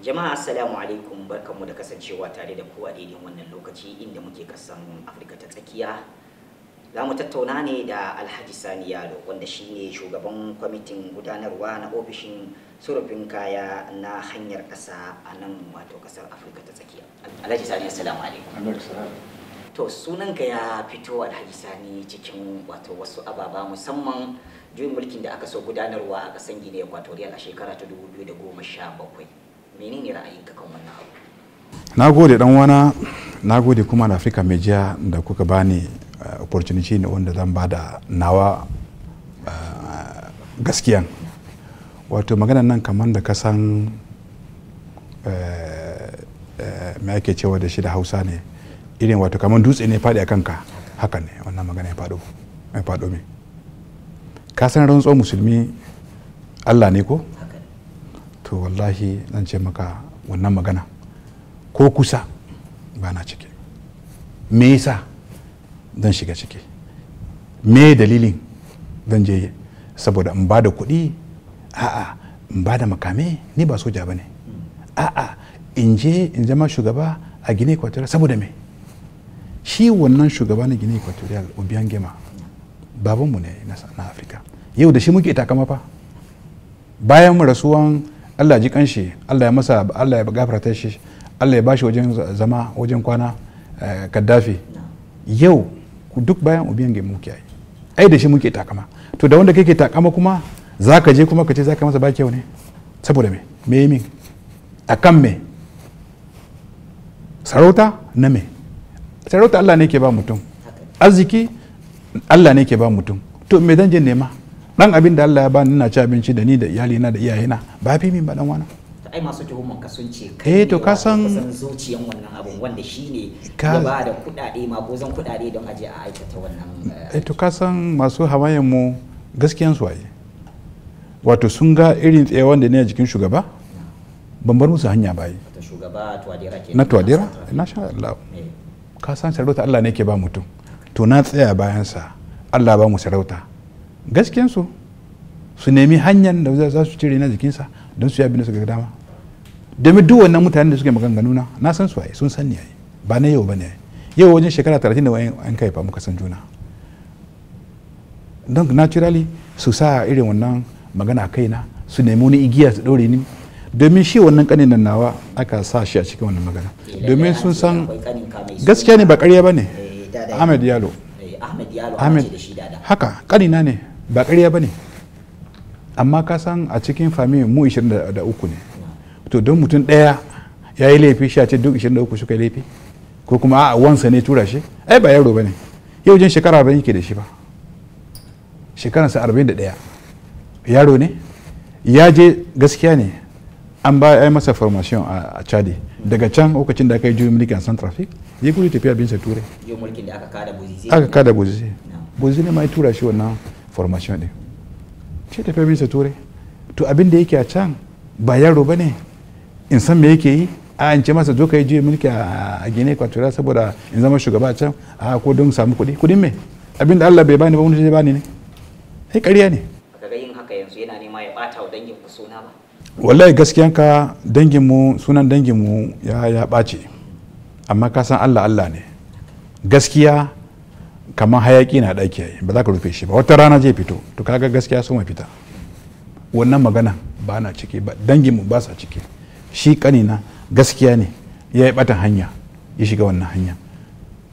jama'a assalamu alaikum barkanmu da kasancewa tare da ku a daidai wannan lokaci inda muke kasan afirka ta tsakiya za mu tattauna ne da alhaji sani yalo wanda shine shugaban kwamitin gudanarwa na ofishin surufin kaya na hanyar kasa a nan wato kasar afirka ta tsakiya alhaji sani assalamu alaikum to sunanka ya fito alhaji sani cikin wato wasu ababa musamman juyin mulkin da aka so gudanarwa a ƙasar gine equatorial a shekara ta 2017 menene ra'ayinka na gode dan wana na gode kuma na afirka media da kuka bani eh, opportunity ne wanda zan bada da nawa eh, gaskiyan wato magana nan kamar da ka san eh, me ake cewa da shi da hausa ne irin wato kamar dutse ne faɗi a kanka haka ne wannan magana ya faɗo mai faɗo mai ka san rantsuwar musulmi allah ne ko to wallahi zan ce maka wannan magana ko kusa ba na ciki me yasa zan shiga ciki me dalilin zan je saboda in ba da kuɗi a'a in ba da makame ni ba soja ba ne a'a in je in zama shugaba a gine equatorial saboda me shi wannan shugaba na gine equatorial obiyan gema babanmu ne na afirka yau da shi muke takama fa bayan rasuwan Allah ji kanshi Allah ya masa Allah ya gafarta shi Allah ya bashi wajen zama wajen kwana eh, Gaddafi yau duk bayan ga muke ai ai da shi muke takama to da wanda kake takama kuma zaka je kuma ka ce zaka masa ba kyau ne saboda me me min akan me sarauta na me sarauta Allah ne ke ba mutum arziki Allah ne ke ba mutum to me zan je nema dan abin da Allah ya bani ina ci abinci da ni da iyali na da iyayena ba fi min ba dan wani ai masu tuhuman ka sun ce kai eh, to ka san zuciyan wannan abun wanda shine ya ba da kudade ma ko zan kudade don aje a aikata wannan eh, eh to ka san masu hawayen mu gaskiyan su waye wato sun ga irin tsayawan da ne a jikin shugaba ban bar musu hanya bayi na tuwadera na eh, sha Allah ka san sarauta Allah ne ke ba mutum to na tsaya bayansa Allah ba mu sarauta gaskiyansu su nemi hanyar da za su cire na jikinsa don su yi abin da suka dama domin duk wannan mutanen da suke maganganu na na san su a sun san ni a ba na yau ba ne yau wajen shekara 30 da an kai fa muka san juna don naturally su sa irin wannan magana kaina su nemi wani igiya su dore ni domin shi wannan kanin nan nawa aka sa shi a cikin wannan magana domin sun san gaskiya ne ba ƙarya ba ne eh, ahmed yalo eh, ahmed haka kanina ne ba ƙarya ba ne amma ka san a cikin fami mu 23 ne to don mutum daya ya yi laifi shi a ce duk 23 suka laifi ko kuma a wansa ne tura shi ai ba yaro ba ne yau jin shekara ba yake da shi ba shekaransa 41 da yaro ne ya je gaskiya ne an ba ya masa formation a chadi daga can lokacin da aka yi juyin mulkin a san traffic ya kuri tafiya bin sa ture aka kada bozizi aka kada bozizi bozizi ne ma ya tura shi wannan formation din ce tafiya bisa turai to abin da yake a can ba yaro ba ne in san me yake yi a in ce masa zo ka yi juyin mulki a gine kwatura saboda in zama shugaba a can a ko don samu kuɗi kuɗin me abin da allah bai bani ba wani zai bani ne ai ƙarya ne kaga yin haka yanzu yana nema ya ɓata wa dangin ku suna ba wallahi gaskiyan ka dangin mu sunan dangin mu ya ya ɓace amma ka san allah allah ne gaskiya kamar hayaki na ɗaki yayi ba za ka rufe shi ba wata rana zai fito to kaga gaskiya so mai fita wannan magana ba na ciki ba dangin mu ba sa ciki shi kanina gaskiya ne ya yi batan hanya ya shiga wannan hanya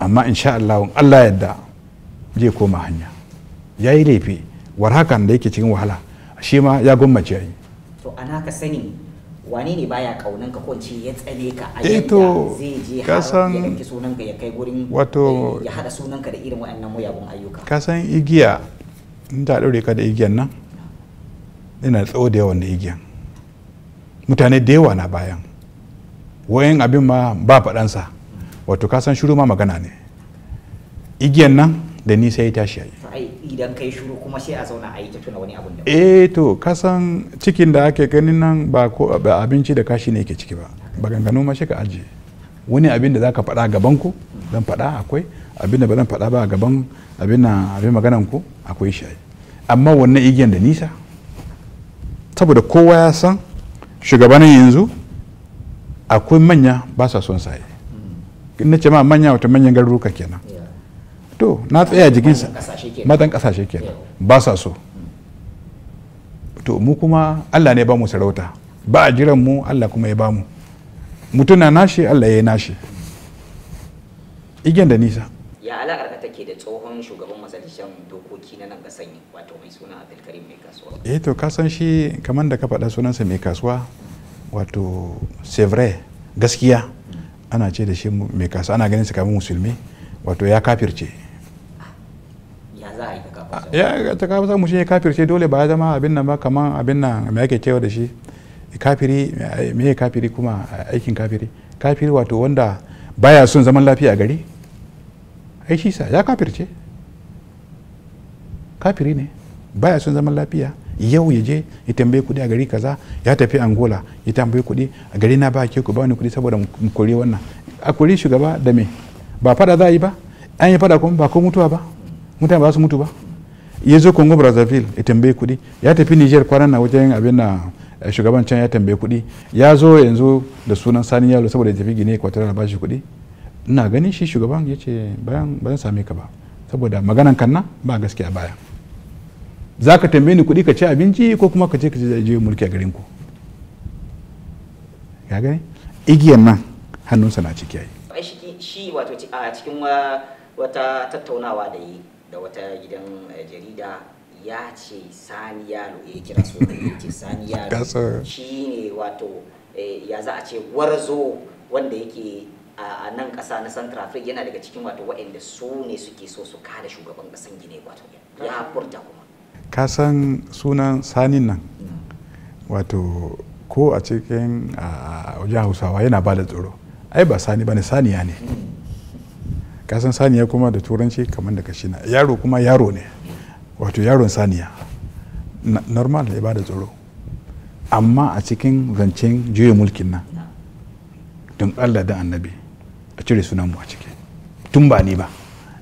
amma insha Allah Allah yadda zai koma hanya ya yi laifi war hakan da yake cikin wahala shi ma ya gwammace yayi to ana ka sani wane ne baya kaunan ka ko ce ya tsane ka a eh yadda zai je har ya ɗauki sunan ka ya kai gurin wato eh, ya hada sunan ka da irin waɗannan muyagun ayyuka ka san igiya in ta ɗaure ka da igiyan nan ina da tsawo da yawan da igiyan mutane da yawa na bayan wayan abin ma ba faɗansa wato ka san shiru ma magana ne igiyan nan da nisa ya tashi yayi ai idan kai shuru kuma sai a zauna a yi ta tuna wani abun da eh to kasan cikin da ake ganin nan ba ko abinci da kashi ne yake ciki ba ba ganganu ma shi ka ajiye wani abin da zaka faɗa gaban ku zan faɗa akwai abin da ba zan faɗa ba gaban abin na abin maganan ku akwai shi amma wannan igiyan da nisa saboda kowa ya san shugabanin yanzu akwai manya ba sa son saye mm. in na ce ma manya wata manyan garuruka kenan to na tsaya jikinsa matan kasashe kenan ba sa so to mu kuma allah ne ba mu sarauta ba a jiran mu allah kuma ya ba mu mutuna na nashi allah ya yi nashi igyan da nisa ya alaƙar ka take da tsohon shugaban majalisar dokoki na nan kasan wato mai suna abdulkarim mai kasuwa eh to ka san shi kamar da ka faɗa sunansa mai kasuwa wato sevre gaskiya mm. ana ce da shi mai kasuwa ana ganin su kamar musulmi wato ya kafirce ya ta kafa samu shi kafir ce dole ba ya zama abin nan ba kamar abin nan me ake cewa da shi kafiri me ya kafiri kuma aikin kafiri kafiri wato wanda baya son zaman lafiya gari ai shi sa ya kafir ce kafiri ne baya son zaman lafiya yau ya je ya tambaye kudi a gari kaza ya tafi angola ya tambaye kudi a gari na ba ke ku ba wani kudi saboda mu kore wannan a kore shugaba da me ba fada za a yi ba an yi fada kuma ba ko mutuwa ba mutane ba su mutu ba ya zo congo brazzaville ya tambaye kuɗi ya tafi niger kwanan na wajen abin na eh, shugaban can ya tambaye kuɗi ya zo yanzu da sunan sani yalo saboda ya tafi gine equatorial ba shi kuɗi ina ganin shi shugaban ya ce bayan ba zan same ka ba saboda maganan kanna ba gaskiya baya za ka tambaye ni kuɗi ka ci abinci ko kuma ka ce ka je mulki a garin ku ya gani igiyan nan hannunsa na ciki yayi shi wato a cikin wata tattaunawa da yi da wata gidan eh, jarida ya ce sani yalo ya kira so ya ce sani yalo shi ne wato eh, ya za a ce warzo wanda yake a nan ƙasa na central africa yana daga cikin wato waɗanda su ne suke so su kada shugaban ƙasan gine wato ya furta kuma ka san sunan sanin nan mm. wato ko a cikin a wajen hausawa yana ba da tsoro ai ba sani ba ne saniya ne mm. kasan saniya kuma da turanci kamar da kashi na yaro kuma yaro ne wato yaron saniya normal ya bada tsoro amma a cikin zancen juya mulkin nan don allah da annabi a cire sunan mu a ciki tun ba ni ba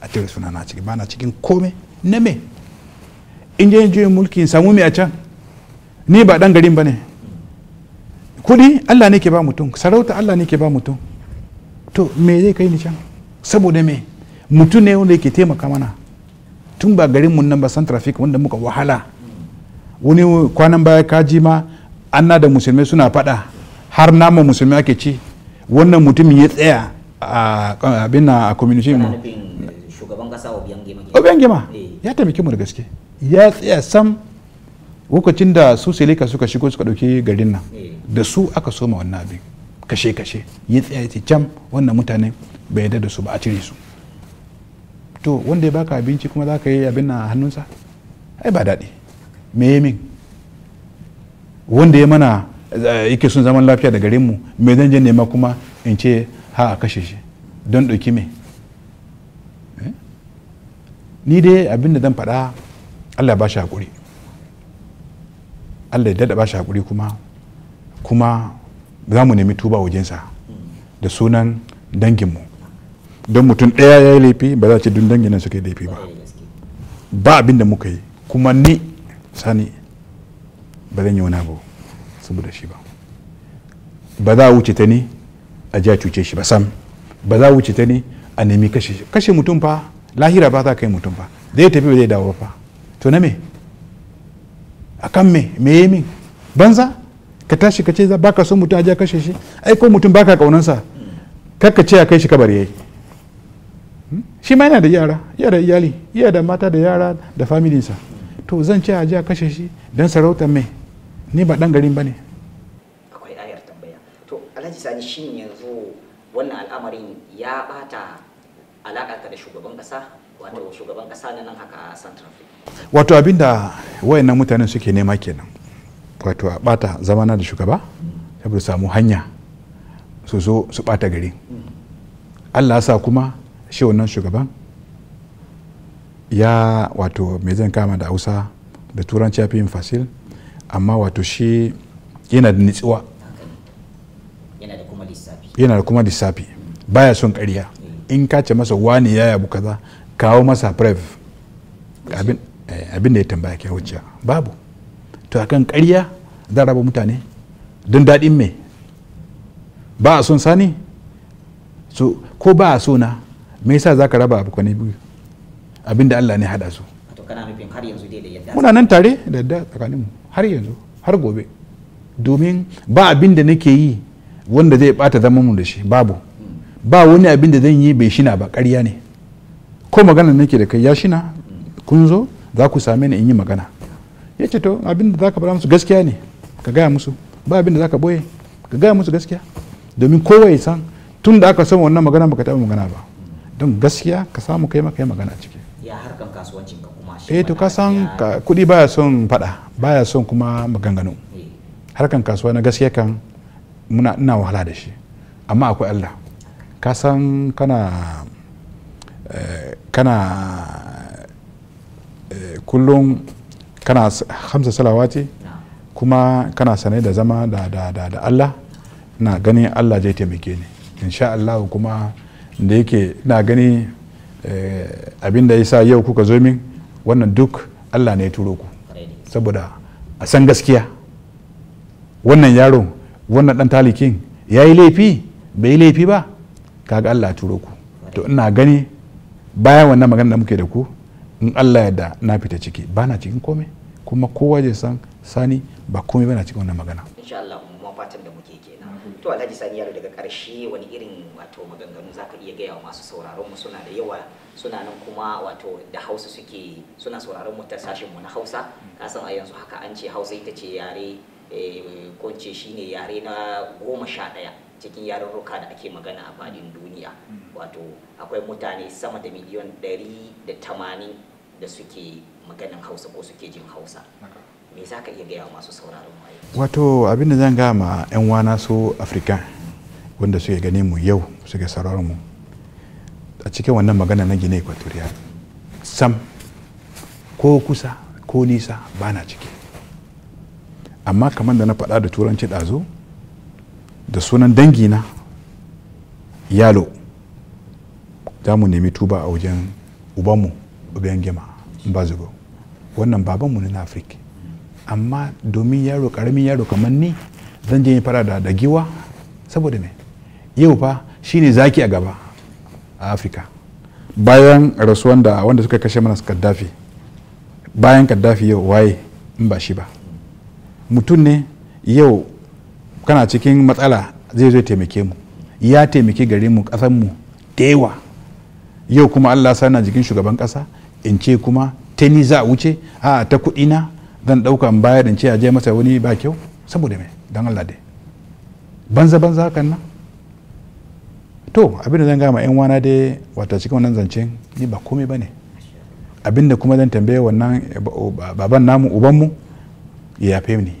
a cire sunan a ciki ba na cikin kome na me in je juya mulki samu me a can ni ba dan garin ba ne kudi allah ne ke ba mutum sarauta allah ne ke ba mutum to me zai kai ni can saboda me mutum ne wanda yake taimaka mana tun ba garin mun nan ba san traffic wanda muka wahala wani kwanan baya kaji ma an da musulmai suna fada har nama musulmai ake ci wannan mutumin ya tsaya a abin a community mu shugaban kasa eh. ya taimake mu da gaske ya tsaya sam lokacin da su selika suka shigo suka dauki garin nan eh. da su aka soma wannan abin kashe kashe ya tsaya ya ce can wannan mutane bai yadda da su ba a cire su to wanda ya baka abinci kuma za ka yi abin na hannunsa ai ba daɗi me ya min wanda ya mana eh, yake sun zaman lafiya da garin mu me zan je nema kuma in ce ha a kashe shi don ɗauki me eh? ni dai abin da zan faɗa allah ba shi haƙuri allah ya daɗa ba shi haƙuri kuma kuma za mu nemi tuba wajensa da sunan danginmu don mutum ɗaya ya yi laifi ba za a ce dun dangi nan suka yi laifi ba ba abin da muka yi kuma ni sani ba zan yi wani abu saboda shi ba ba za a wuce ta ni a ji a cuce shi ba sam ba za a wuce ta ni a nemi kashe shi kashe mutum fa lahira ba za ka yi mutum fa zai tafi ba zai dawo fa to na me a kan me me yi min banza ka tashi ka ce ba ka son mutum a ji a kashe shi ai ko mutum ba ka kaunansa kakka ce a kai shi kabar yayi shi ma yana da yara yana da iyali yana da mata da yara da familinsa to zan ce a ji a kashe shi don sarauta mai ni ba dan garin ba ne akwai ayar tambaya to alhaji sani shin yanzu wannan al'amarin ya bata alaƙa da shugaban ƙasa wato shugaban ƙasa na nan haka a santrafi wato abinda wayannan mutanen suke nema kenan wato a bata zamana da shugaba saboda samu hanya su zo su bata gari mm. allah sa kuma shi wannan shugaban ya wato mai zan kama da hausa da turanci ya fi yin fasil amma wato shi yana da nitsuwa yana da kuma lissafi baya son karya eh. in ka ce masa wani ya yabu kaza kawo masa brev eh, abin da ya tambaya ke hujja babu to akan karya zan raba mutane don daɗin me ba a son sani so ko ba a so na me yasa zaka raba abu kwanai biyu abinda Allah ne hada su muna nan tare da da tsakaninmu har yanzu har gobe domin ba abin da nake yi wanda zai bata zaman mu da shi babu ba wani abin zan yi bai shina ba ƙarya ne ko magana nake da kai ya shina kun zo za ku same ni in yi magana ya ce to abin da za ka musu gaskiya ne ka gaya musu ba abin da za ka boye ka gaya musu gaskiya domin kowa ya san tun da aka san wannan magana baka taɓa magana ba don gaskiya ka samu kai maka yi magana ciki ya harkan kasuwancin ka kuma shi eh to ka san kuɗi baya son fada baya son kuma maganganu eh. harkan kasuwa na gaskiya kan muna ina wahala da shi amma akwai Allah ka san kana eh, kana eh, kullum kana hamsa salawati kuma kana sanai da zama da Allah na ganin Allah zai taimake ni insha Allah kuma da yake na gani eh, abin da ya sa yau kuka zo min wannan duk allah ne ya turo ku saboda a san gaskiya wannan yaro wannan dan talikin ya yi laifi bai yi laifi ba kaga allah ya turo ku to ina gani bayan wannan magana da muke da ku in allah yadda na fita ciki ba cikin komai kuma kowa zai san sani ba komai ba na cikin wannan magana kuma fatan da muke kenan to alhaji sani yaro daga karshe wani irin wato maganganu zaka iya gaya wa masu sauraron mu suna da yawa suna nan kuma wato da hausa suke suna sauraron mu ta sashin mu na hausa mm. ka san a yanzu haka an ce hausa ita ce yare eh, ko ce shine yare na goma sha ɗaya cikin yarurruka da ake magana a fadin mm. duniya mm. wato akwai mutane sama da miliyan ɗari da tamanin da suke maganin hausa ko suke jin hausa me za iya gaya masu sauraron waye wato abin da zan gaya ma 'yan wana su afirka wanda suke gane mu yau suke sauraron mu a cikin wannan magana na gine equatoria sam ko kusa ko nisa ba na ciki amma kamar da na faɗa da turanci ɗazu da sunan dangina yalo za mu nemi tuba a wajen ubanmu ubangima ba zugo wannan babanmu ne na afirka amma domin yaro karamin yaro kamar ni zan je fara da da giwa saboda me yau fa shine zaki a gaba a afirka bayan rasuwan da wanda suka kashe mana kaddafi bayan kaddafi yau waye in ba shi ba mutum ne yau kana cikin matsala zai zo taimake mu ya taimake gare mu kasan mu da yau kuma allah sana jikin shugaban kasa in ce kuma ta ni za a wuce a ta kuɗi na zan ɗauka in bayar in ce a je masa wani ba kyau saboda me dan Allah dai banza banza hakan nan to abin da zan gama yan wana dai wata cikin wannan zancen ni ba komai bane abin da kuma zan tambaye wannan eh, baban namu uban mu ya yafe ni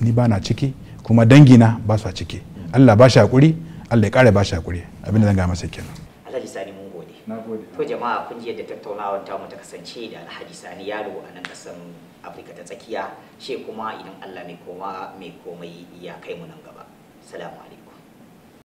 ni ba na ciki kuma dangina ba su a ciki Allah ba shi hakuri Allah ya kare ba shi hakuri abin da zan gama sai kenan Alhaji Sani mun gode. Na To jama'a kun ji yadda tattaunawar mu ta kasance da Alhaji Sani yaro a nan kasan afirka ta tsakiya she kuma idan allah mai koma mai komai ya kai mu nan gaba salamu alaikum